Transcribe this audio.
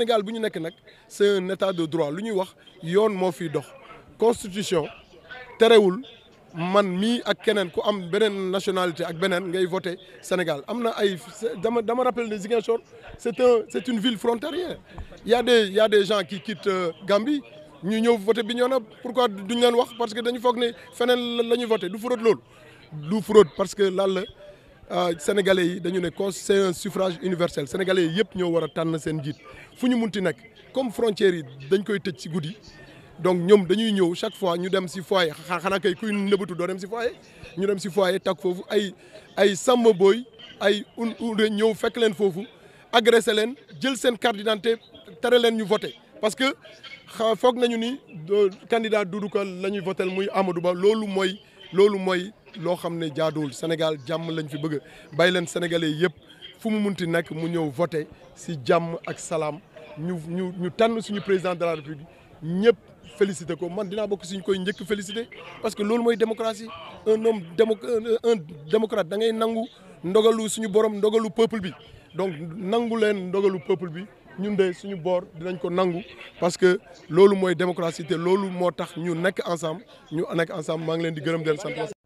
Sénégal c'est un état de droit lu ñuy wax yoon moo fiy dox constitution terewul man mi, ak keneen ku am benen nationalité ak benen, ngay voter Sénégal Amna Aïf, ay dama rappelle rappel ne Ziguinchor c'est un c'est une ville frontalière il y a des il y a des gens qui quittent euh, Gambie ñu ñëw voter Bignona pourquoi duñ leen wax parce que dañu foog ne feneen la voter du fraude loolu du fraude parce que lan la euh, sénégalais yi c'est un suffrage universel sénégalais yi ñoo a tànn seen jiit comme frontière, yi dañ koy ci donc nous, dañuy chaque fois ñu dem si nous kay kuy dem si foyer ñu dem si foyer takk foofu ay ay boy ay un ñëw leen leen jël carte parce que candidat loolu mooy loo xam ne jaaduwul Sénégal jàmm lañ fi bëgg bay leen sénégalais yëpp fu mu mun munti nekk mu ñëw voté si jàmm ak salaam ñu ñu ñu tànn suñu président de la république ñëpp félicité ko man dinaa bokk suñ koy njëkk félicité parce que loolu mooy démocratie un homme démo démocrate da ngay nangu ndogalu suñu borom ndogalu peuple bi donc nangu leen ndogalu peuple bi. ñun de suñu boor dinañ ko nangu parce que loolu mooy démocratie te loolu moo tax ñu nekk ensemble ñu nekk ensemble maa ngi leen di gërëm di leen